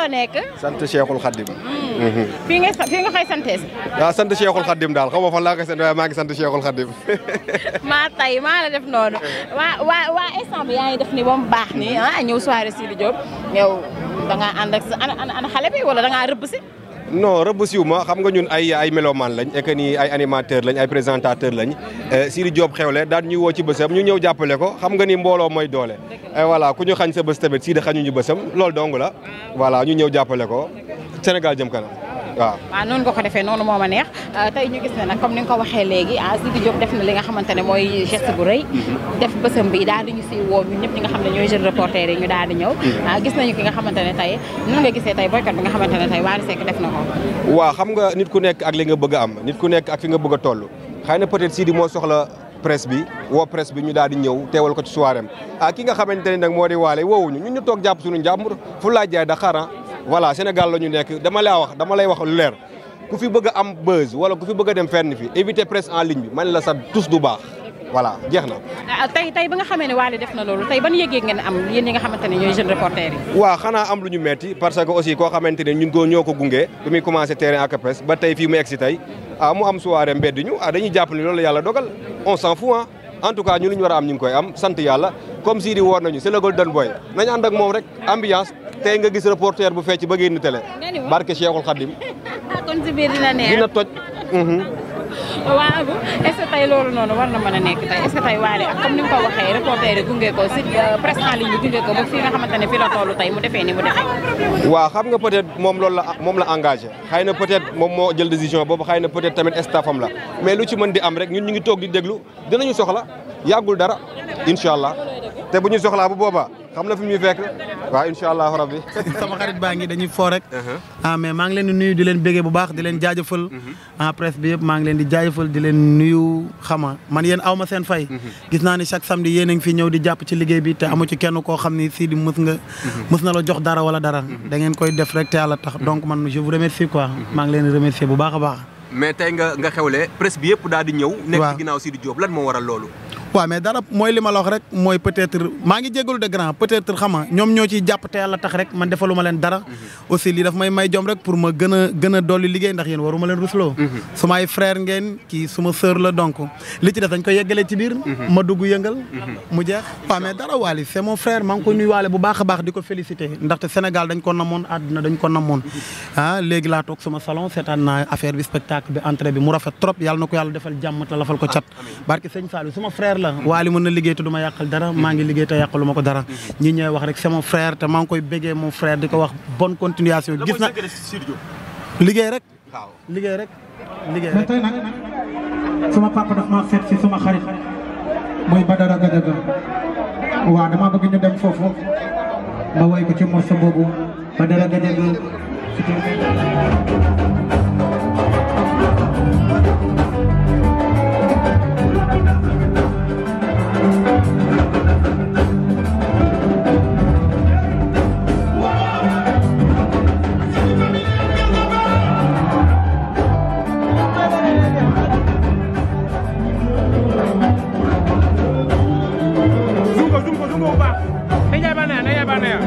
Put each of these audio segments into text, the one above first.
loo nekk. sant Cheikhul Khadim. Hmm. fii nga fii nga sant Cheikhul Khadim daal xaw ma fan sant waaye maa maa tay maa la def noonu waa instant bi def ni ba baax ni ah ñëw soirée Sidi Diop yow da ngaa xale bi wala da rëbb si. non rëbb siw ma xam nga ñun ay ay méloman lañ et ni ay animateur lañ ay présentateur lañ euh, Sidi Diop xewle daan ñuy woo ci bësam ñu ñëw jàppale ko xam nga ni mbooloo mooy doole et voilà ku ñu xañ sa bës tamit Sidi xañuñu bësam loolu dong la voilà ñu ñëw jàppale ko Sénégal jëm kanam waaw waaw ah, noonu nga ko defee noonu moo ma neex ah, tey ñu gis ne nag comme ni nga ko waxee léegi a ah, Sidi Diop def na li nga xamante ne mooy geste bu rëy mhm. def bësam bi daal di ñu ñu daal di ñëw mhm. gis nañu ki nga xamante ne tey noonu nga gisee tey boycott bi nga xamante ne tey xam nga nit ku nekk ak li nga bëgg am am nit ku nekk ak fi nga bëgg a toll xëy na peut-être Sidi moo soxla presse bi woo presse bi ñu daal di ñëw teewal ko ci soirée am ki nga xamante ne nag moo di waale woowuñu ñun ñu toog jàpp suñu njàmbur fu laa da xaran voilà Sénégal la ñu nekk dama laa wax dama lay wax lu leer ku fi bëgg am buzz wala ku fi bëgg dem fenn fi éviter presse en ligne bi man la sa tous du baax voilà jeex na. Ah, tey tey ba nga xamee ne Wally def na loolu tey ban yëg-yëg ngeen am yéen ñi nga xamante ne ñooy jeune reporter yi. waaw xanaa am lu ñu metti parce que aussi koo xamante ne ñun ko gunge bi muy commencé terrain ak presse ba tey fii mu egg si tey ah mu am soirée mbedd ñu ah dañuy jàpp ne loolu la yàlla dogal on s'en fout en tout cas ñu ñu war am ñu ngi koy am sant yàlla comme si di woor nañu c'est le golden boy nañu tey nga gis reporter bu fecc ba génn télé barke Cheikhul Khadim kon si toj mhm. waaw Abou reporter yi gunge ko si euh, presse en ligne bi gunge nga xamante ne fii la mu defee ni mu defee waaw xam nga peut être moom lool la moom la engagé xëy na peut moom moo jël décision boobu xay na peut être tamit staffam la mais lu ci mën di am rek ñun ñu ngi toog di déglu dinañu soxla yàggul dara incha allah te bu ñu soxlaa bu boobaa xam na fi ñuy fekk waaw incha allahu rabbi sama xarit baa ngi dañuy foo rek uh-huh. ah mais maa ngi leen di nuyu di leen bégee bu baax di leen jaajëfal en uh-huh. ah, presse bi yëpp maa leen di jaajëfal di leen nuyu xama man yéen awma seen fay uh-huh. gis naa ni chaque samedi yéen ngi fi ñëw di jàpp ci liggéey bi te amu ci kenn koo xam ni Sidy mës nga mës na la jox dara wala dara da ngeen koy def rek te tax donc man je vous maa ngi leen di remercier bu a baax mais tey nga nga xewle presse bi yëpp daal di ñëw nekk ci naaw Sidy Diop lan moo waral loolu waaw mais dara mooy li ma la rek mooy peut-être maa ngi jégalu de grand peut-être xama ñoom ñoo ciy jàpp te yàlla tax rek man defaluma leen dara. Mhm. aussi lii daf may may jom rek pour ma gën a gën a dolli liggéey ndax yéen waruma leen rusloo. Mhm. suma ay frère ngeen kii suma sœur la donc li ci def dañ koy yeggalee ci biir. Mhm. ma dugg yëngal. mu jeex waaw mais dara Wally c'est mon frère bu baax a baax di ko féliciter ndaxte Sénégal dañ ko namoon àdduna dañ ko namoon. ah léegi laa toog suma salon seetaan na affaire bi spectacle bi entrée bi mu rafet trop yàlla na ko yàlla defal jàmm te lafal ko cat ah, la waali mën na liggéey te du ma yàqal dara maa ngi liggéey te yàqalu ma ko dara mhm. ñi ñooy wax rek sama frère te maa ngi koy béggee moom frère di ko wax bonne continuation gis na liggéey rek liggéey rek liggéey rek tey nag sama papa daf maa seet si sama xarit muy Badara Gadaga waaw dama bëgg ñu dem foofu yabanaya naye yabanaya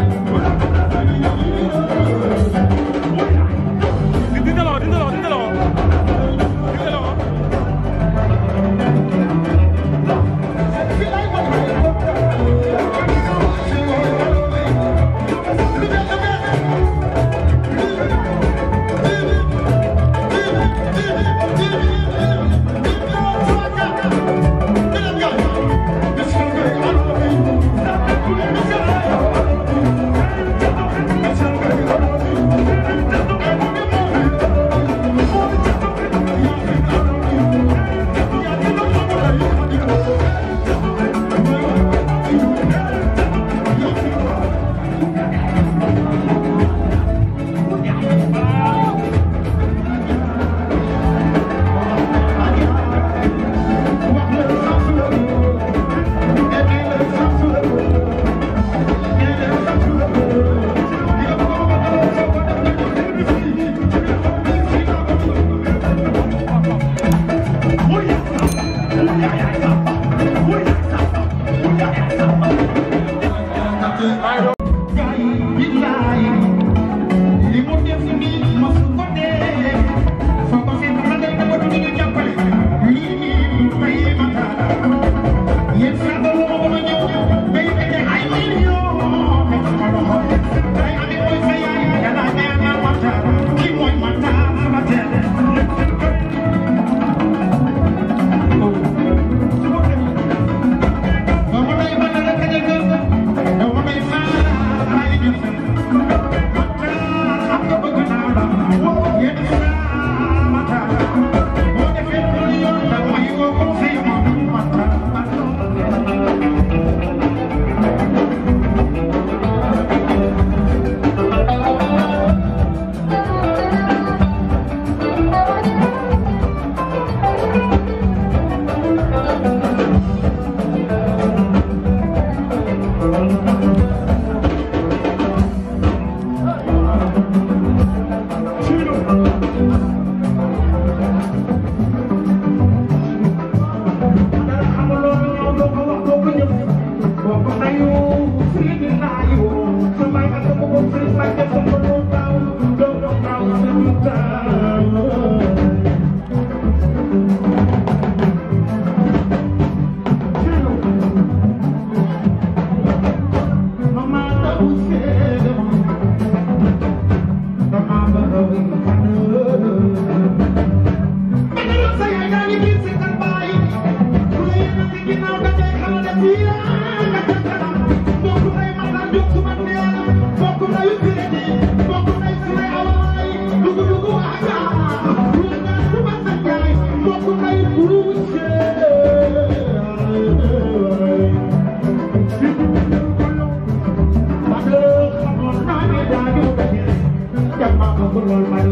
lool